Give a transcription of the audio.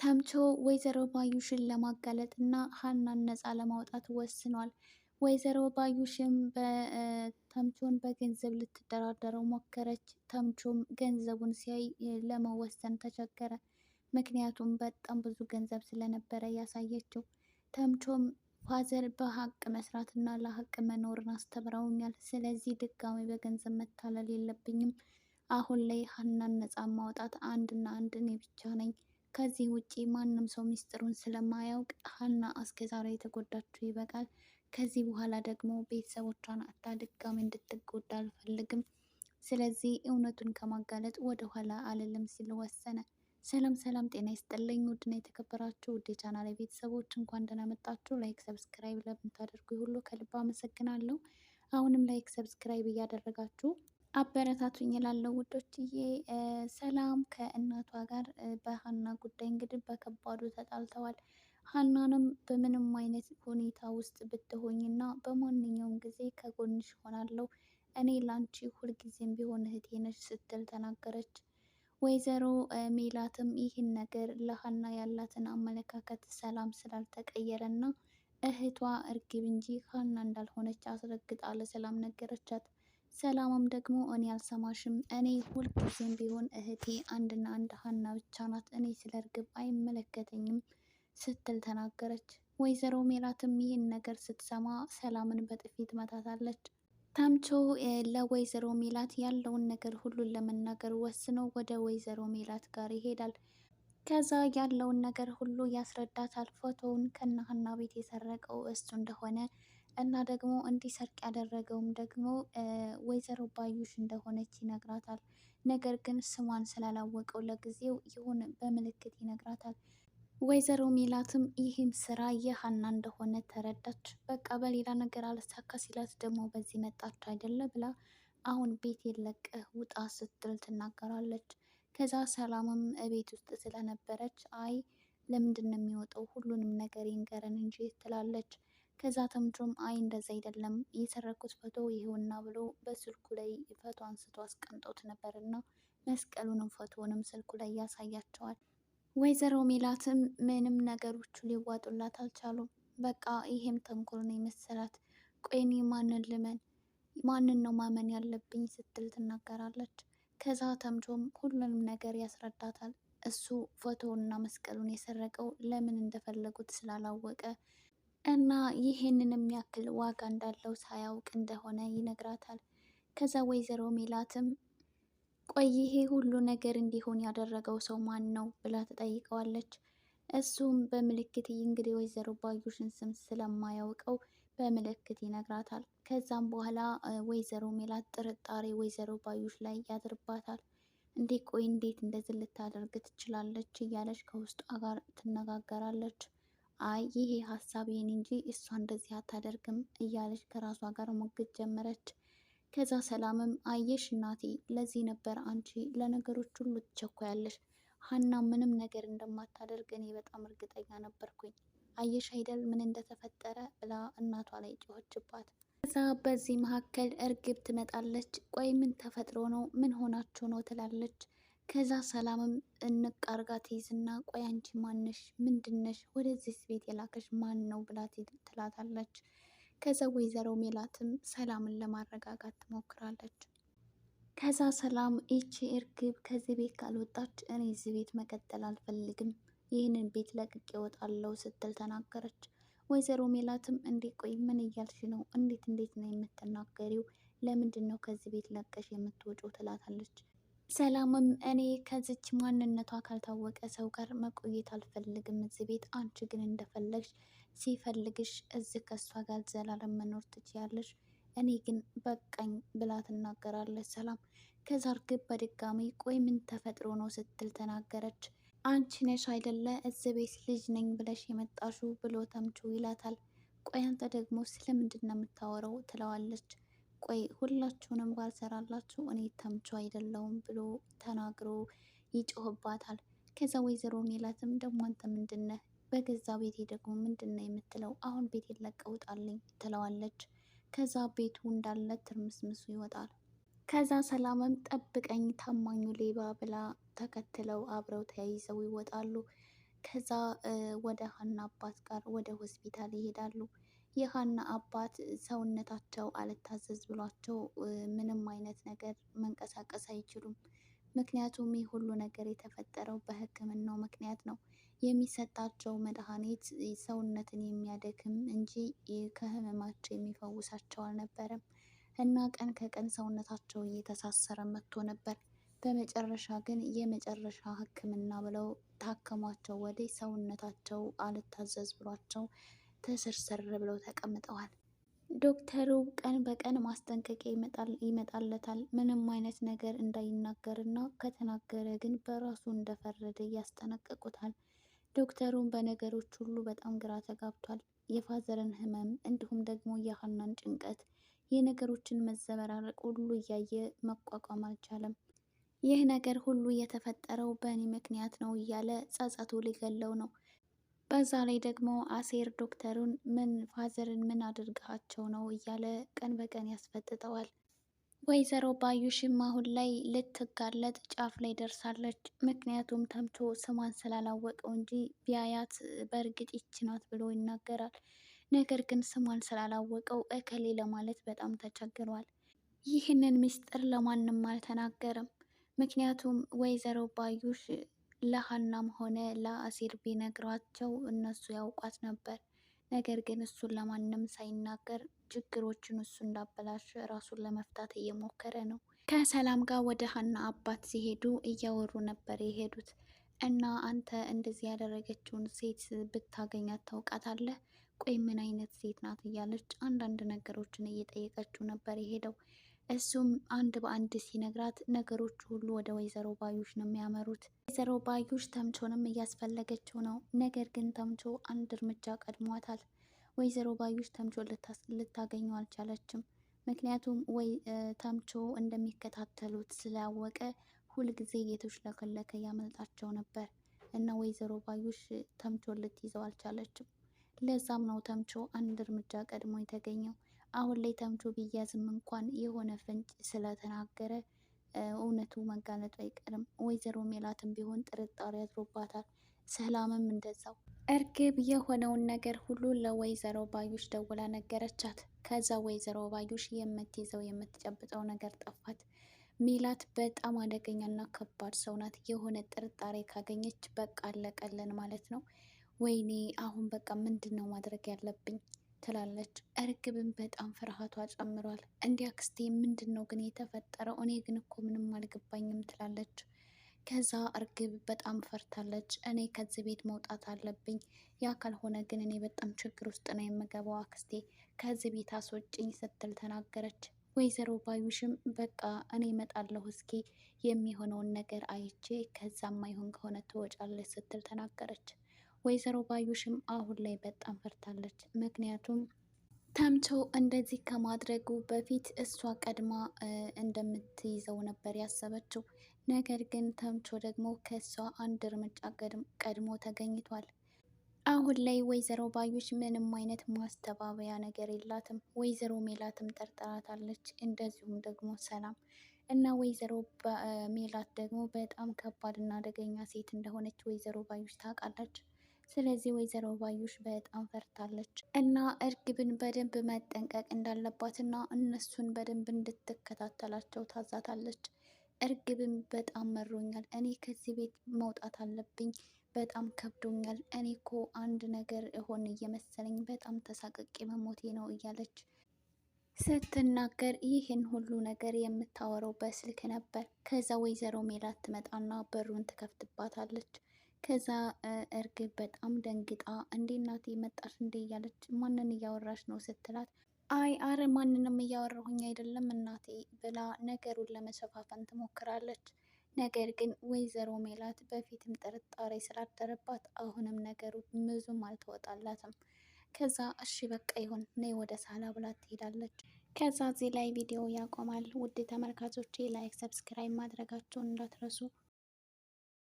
ተምቾ ወይዘሮ ባዩሽን ለማጋለጥ እና ሀናን ነፃ ለማውጣት ወስኗል። ወይዘሮ ባዩሽም ተምቾን በገንዘብ ልትደራደረው ሞከረች። ተምቾም ገንዘቡን ሲያይ ለመወሰን ተቸገረ። ምክንያቱም በጣም ብዙ ገንዘብ ስለነበረ ያሳየችው። ተምቾም ፋዘር በሀቅ መስራትና ለሀቅ መኖርን አስተምረውኛል። ስለዚህ ድጋሚ በገንዘብ መታለል የለብኝም። አሁን ላይ ሀናን ነፃ ማውጣት አንድና አንድ እኔ ብቻ ነኝ። ከዚህ ውጪ ማንም ሰው ሚስጥሩን ስለማያውቅ ሀና እስከዛሬ የተጎዳችው ይበቃል። ከዚህ በኋላ ደግሞ ቤተሰቦቿን አታ ድጋሚ እንድትጎዳ አልፈልግም። ስለዚህ እውነቱን ከማጋለጥ ወደ ኋላ አልልም ሲል ወሰነ። ሰላም ሰላም፣ ጤና ይስጥልኝ ውድና የተከበራችሁ ውድ የቻናል ቤተሰቦች እንኳን ደህና መጣችሁ። ላይክ ሰብስክራይብ ለምታደርጉ ሁሉ ከልብ አመሰግናለሁ። አሁንም ላይክ ሰብስክራይብ እያደረጋችሁ አበረታቱኝ እላለሁ ውዶችዬ። ሰላም ከእናቷ ጋር በሀና ጉዳይ እንግዲህ በከባዱ ተጣልተዋል። ሀናንም በምንም አይነት ሁኔታ ውስጥ ብትሆኝና በማንኛውም ጊዜ ከጎንሽ ሆናለሁ እኔ ላንቺ ሁልጊዜም ቢሆን እህቴ ስትል ተናገረች። ወይዘሮ ሜላትም ይህን ነገር ለሀና ያላትን አመለካከት ሰላም ስላልተቀየረና እህቷ እርግብ እንጂ ሀና እንዳልሆነች አስረግጣ ለሰላም ነገረቻት። ሰላምም ደግሞ እኔ አልሰማሽም፣ እኔ ሁልጊዜም ቢሆን እህቴ አንድና አንድ ሀና ብቻ ናት፣ እኔ ስለ እርግብ አይመለከተኝም ስትል ተናገረች። ወይዘሮ ሜላትም ይህን ነገር ስትሰማ ሰላምን በጥፊ ትመታታለች። ታምቾ ለወይዘሮ ሜላት ያለውን ነገር ሁሉን ለመናገር ወስኖ ወደ ወይዘሮ ሜላት ጋር ይሄዳል። ከዛ ያለውን ነገር ሁሉ ያስረዳታል። ፎቶውን ከነሀና ቤት የሰረቀው እሱ እንደሆነ እና ደግሞ እንዲሰርቅ ያደረገውም ደግሞ ወይዘሮ ባዩሽ እንደሆነች ይነግራታል። ነገር ግን ስሟን ስላላወቀው ለጊዜው ይሁን በምልክት ይነግራታል። ወይዘሮ ሚላትም ይህም ስራ የሀና እንደሆነ ተረዳች። በቃ በሌላ ነገር አልሳካ ሲላት ደግሞ በዚህ መጣች አይደለ ብላ አሁን ቤት የለቀህ ውጣ ስትል ትናገራለች። ከዛ ሰላምም እቤት ውስጥ ስለነበረች አይ ለምንድን ነው የሚወጣው? ሁሉንም ነገር ይንገረን እንጂ ትላለች። ከዛ ተምድሮም አይ እንደዛ አይደለም የሰረኩት ፎቶ ይሄውና ብሎ በስልኩ ላይ ፎቶ አንስቶ አስቀምጦት ነበርና መስቀሉንም ፎቶውንም ስልኩ ላይ ያሳያቸዋል። ወይዘሮ ሜላትም ምንም ነገሮቹ ሊዋጡላት አልቻሉም። በቃ ይሄም ተንኮል ነው የመሰላት። ቆይኔ ማንን ልመን ማንን ነው ማመን ያለብኝ ስትል ትናገራለች። ከዛ ተምጆም ሁሉንም ነገር ያስረዳታል። እሱ ፎቶውንና መስቀሉን የሰረቀው ለምን እንደፈለጉት ስላላወቀ እና ይህንን የሚያክል ዋጋ እንዳለው ሳያውቅ እንደሆነ ይነግራታል። ከዛ ወይዘሮ ሜላትም ቆይ ይሄ ሁሉ ነገር እንዲሆን ያደረገው ሰው ማን ነው ብላ ትጠይቀዋለች። እሱም በምልክት እንግዲህ ወይዘሮ ባዩሽን ስም ስለማያውቀው በምልክት ይነግራታል። ከዛም በኋላ ወይዘሮ ሜላት ጥርጣሬ ወይዘሮ ባዩሽ ላይ ያድርባታል። እንዴ ቆይ እንዴት እንደዚህ ልታደርግ ትችላለች እያለች ከውስጧ ጋር ትነጋገራለች። አይ ይሄ ሀሳብ የኔ እንጂ እሷ እንደዚህ አታደርግም እያለች ከራሷ ጋር ሞግት ጀመረች። ከዛ ሰላምም አየሽ እናቴ፣ ለዚህ ነበር አንቺ ለነገሮች ሁሉ ትቸኮያለሽ። ሀና ምንም ነገር እንደማታደርግ እኔ በጣም እርግጠኛ ነበርኩኝ። አየሽ አይደል ምን እንደተፈጠረ ብላ እናቷ ላይ ጮኸችባት። ከዛ በዚህ መካከል እርግብ ትመጣለች። ቆይ ምን ተፈጥሮ ነው? ምን ሆናችሁ ነው? ትላለች ከዛ ሰላምም እንቅ አርጋ ትይዝና ቆይ አንቺ ማነሽ? ምንድነሽ? ወደዚህ ቤት የላከሽ ማን ነው ብላ ትላታለች። ከዛ ወይዘሮ ሜላትም ሰላምን ለማረጋጋት ትሞክራለች። ከዛ ሰላም ይቺ እርግብ ከዚህ ቤት ካልወጣች እኔ እዚህ ቤት መቀጠል አልፈልግም፣ ይህንን ቤት ለቅቄ እወጣለሁ ስትል ተናገረች። ወይዘሮ ሜላትም እንዴ ቆይ ምን እያልሽ ነው? እንዴት እንዴት ነው የምትናገሪው? ለምንድን ነው ከዚህ ቤት ለቀሽ የምትወጪው? ትላታለች ሰላምም እኔ ከዚች ማንነቷ ካልታወቀ ሰው ጋር መቆየት አልፈልግም፣ እዚህ ቤት አንቺ ግን እንደፈለግሽ ሲፈልግሽ እዚህ ከእሷ ጋር ዘላለም መኖር ትችያለሽ፣ እኔ ግን በቃኝ ብላ ትናገራለች። ሰላም ከዛ እርግብ በድጋሚ ቆይ ምን ተፈጥሮ ነው ስትል ተናገረች። አንቺ ነሽ አይደለ እዚህ ቤት ልጅ ነኝ ብለሽ የመጣሹ ብሎ ተምቹ ይላታል። ቆይ አንተ ደግሞ ስለምንድን ነው የምታወራው ትለዋለች። ቆይ ሁላችሁንም ባልሰራላችሁ እኔ ተምቹ አይደለሁም ብሎ ተናግሮ ይጮህባታል። ከዛ ወይዘሮ ሜላትም ደግሞ አንተ ምንድነ በገዛ ቤቴ ደግሞ ምንድነ የምትለው? አሁን ቤት ለቀውጣልኝ ትለዋለች። ከዛ ቤቱ እንዳለ ትርምስምሱ ይወጣል። ከዛ ሰላምም ጠብቀኝ ታማኙ ሌባ ብላ ተከትለው አብረው ተያይዘው ይወጣሉ። ከዛ ወደ ሀና አባት ጋር ወደ ሆስፒታል ይሄዳሉ። የሀና አባት ሰውነታቸው አልታዘዝ ብሏቸው ምንም አይነት ነገር መንቀሳቀስ አይችሉም። ምክንያቱም ይህ ሁሉ ነገር የተፈጠረው በሕክምናው ምክንያት ነው። የሚሰጣቸው መድኃኒት ሰውነትን የሚያደክም እንጂ ከህመማቸው የሚፈውሳቸው አልነበረም እና ቀን ከቀን ሰውነታቸው እየተሳሰረ መጥቶ ነበር። በመጨረሻ ግን የመጨረሻ ሕክምና ብለው ታከሟቸው ወዲህ ሰውነታቸው አልታዘዝ ብሏቸው ተስርስር ብለው ተቀምጠዋል። ዶክተሩ ቀን በቀን ማስጠንቀቂያ ይመጣለታል። ምንም አይነት ነገር እንዳይናገርና ከተናገረ ግን በራሱ እንደፈረደ ያስጠነቅቁታል። ዶክተሩም በነገሮች ሁሉ በጣም ግራ ተጋብቷል። የፋዘርን ህመም እንዲሁም ደግሞ የሀናን ጭንቀት፣ የነገሮችን መዘበራረቅ ሁሉ እያየ መቋቋም አልቻለም። ይህ ነገር ሁሉ የተፈጠረው በእኔ ምክንያት ነው እያለ ጸጸቱ ሊገለው ነው። በዛ ላይ ደግሞ አሴር ዶክተሩን ምን ፋዘርን ምን አድርጋቸው ነው እያለ ቀን በቀን ያስፈጥጠዋል። ወይዘሮ ባዩሽም አሁን ላይ ልትጋለጥ ጫፍ ላይ ደርሳለች። ምክንያቱም ተምቾ ስሟን ስላላወቀው እንጂ ቢያያት በእርግጥ ይች ናት ብሎ ይናገራል። ነገር ግን ስሟን ስላላወቀው እከሌ ለማለት በጣም ተቸግሯል። ይህንን ምስጢር ለማንም አልተናገርም። ምክንያቱም ወይዘሮ ባዩሽ ለሀናም ሆነ ለአሲር ቢነግሯቸው እነሱ ያውቋት ነበር። ነገር ግን እሱን ለማንም ሳይናገር ችግሮችን እሱ እንዳበላሽ ራሱን ለመፍታት እየሞከረ ነው። ከሰላም ጋር ወደ ሀና አባት ሲሄዱ እያወሩ ነበር የሄዱት እና አንተ እንደዚህ ያደረገችውን ሴት ብታገኛት ታውቃታለህ? ቆይ ምን አይነት ሴት ናት? እያለች አንዳንድ ነገሮችን እየጠየቀችው ነበር የሄደው። እሱም አንድ በአንድ ሲነግራት ነገሮቹ ሁሉ ወደ ወይዘሮ ባዩሽ ነው የሚያመሩት። ወይዘሮ ባዩሽ ተምቾንም እያስፈለገችው ነው። ነገር ግን ተምቾ አንድ እርምጃ ቀድሟታል። ወይዘሮ ባዩሽ ተምቾ ልታገኘው አልቻለችም። ምክንያቱም ወይ ተምቾ እንደሚከታተሉት ስላወቀ ሁልጊዜ እየተሽለከለከ ያመልጣቸው ነበር እና ወይዘሮ ባዩሽ ተምቾ ልትይዘው አልቻለችም። ለዛም ነው ተምቾ አንድ እርምጃ ቀድሞ የተገኘው። አሁን ላይ ተምቾ ቢያዝም እንኳን የሆነ ፍንጭ ስለተናገረ እውነቱ መጋለጡ አይቀርም። ወይዘሮ ሜላትም ቢሆን ጥርጣሬ አድሮባታል። ሰላምም እንደዛው። እርግብ የሆነውን ነገር ሁሉ ለወይዘሮ ባዩሽ ደውላ ነገረቻት። ከዛ ወይዘሮ ባዩሽ የምትይዘው የምትጨብጠው ነገር ጠፋት። ሜላት በጣም አደገኛና ከባድ ሰው ናት። የሆነ ጥርጣሬ ካገኘች በቃ አለቀለን ማለት ነው። ወይኔ አሁን በቃ ምንድን ነው ማድረግ ያለብኝ? ትላለች። እርግብን በጣም ፍርሃቷ ጨምሯል። እንዲያ አክስቴ ምንድን ነው ግን የተፈጠረው? እኔ ግን እኮ ምንም አልገባኝም ትላለች። ከዛ እርግብ በጣም ፈርታለች። እኔ ከዚህ ቤት መውጣት አለብኝ፣ ያ ካልሆነ ግን እኔ በጣም ችግር ውስጥ ነው የምገባው፣ አክስቴ ከዚህ ቤት አስወጭኝ ስትል ተናገረች። ወይዘሮ ባዩሽም በቃ እኔ እመጣለሁ እስኪ የሚሆነውን ነገር አይቼ ከዛም አይሆን ከሆነ ትወጫለች ስትል ተናገረች። ወይዘሮ ባዩሽም አሁን ላይ በጣም ፈርታለች። ምክንያቱም ተምቾ እንደዚህ ከማድረጉ በፊት እሷ ቀድማ እንደምትይዘው ነበር ያሰበችው። ነገር ግን ተምቾ ደግሞ ከእሷ አንድ እርምጃ ቀድሞ ተገኝቷል። አሁን ላይ ወይዘሮ ባዩሽ ምንም አይነት ማስተባበያ ነገር የላትም። ወይዘሮ ሜላትም ጠርጠራታለች፣ እንደዚሁም ደግሞ ሰላም እና ወይዘሮ ሜላት ደግሞ በጣም ከባድ እና አደገኛ ሴት እንደሆነች ወይዘሮ ባዩሽ ታውቃለች። ስለዚህ ወይዘሮ ባዩሽ በጣም ፈርታለች እና እርግብን በደንብ መጠንቀቅ እንዳለባትና እነሱን በደንብ እንድትከታተላቸው ታዛታለች። እርግብን በጣም መሮኛል፣ እኔ ከዚህ ቤት መውጣት አለብኝ፣ በጣም ከብዶኛል፣ እኔ እኮ አንድ ነገር እሆን እየመሰለኝ በጣም ተሳቅቄ መሞቴ ነው እያለች ስትናገር ይህን ሁሉ ነገር የምታወራው በስልክ ነበር። ከዛ ወይዘሮ ሜላት ትመጣና በሩን ትከፍትባታለች። ከዛ እርግብ በጣም ደንግጣ እንዴ እናቴ መጣሽ እንዴ እያለች ማንን እያወራሽ ነው ስትላት አይ አረ ማንንም እያወራሁኝ አይደለም እናቴ ብላ ነገሩን ለመሸፋፈን ትሞክራለች። ነገር ግን ወይዘሮ ሜላት በፊትም ጥርጣሬ ስላደረባት አሁንም ነገሩ ብዙም አልተወጣላትም። ከዛ እሺ በቃ ይሁን ነይ ወደ ሳላ ብላ ትሄዳለች። ከዛ እዚህ ላይ ቪዲዮ ያቆማል። ውድ ተመልካቾቼ ላይክ፣ ሰብስክራይብ ማድረጋቸውን እንዳትረሱ።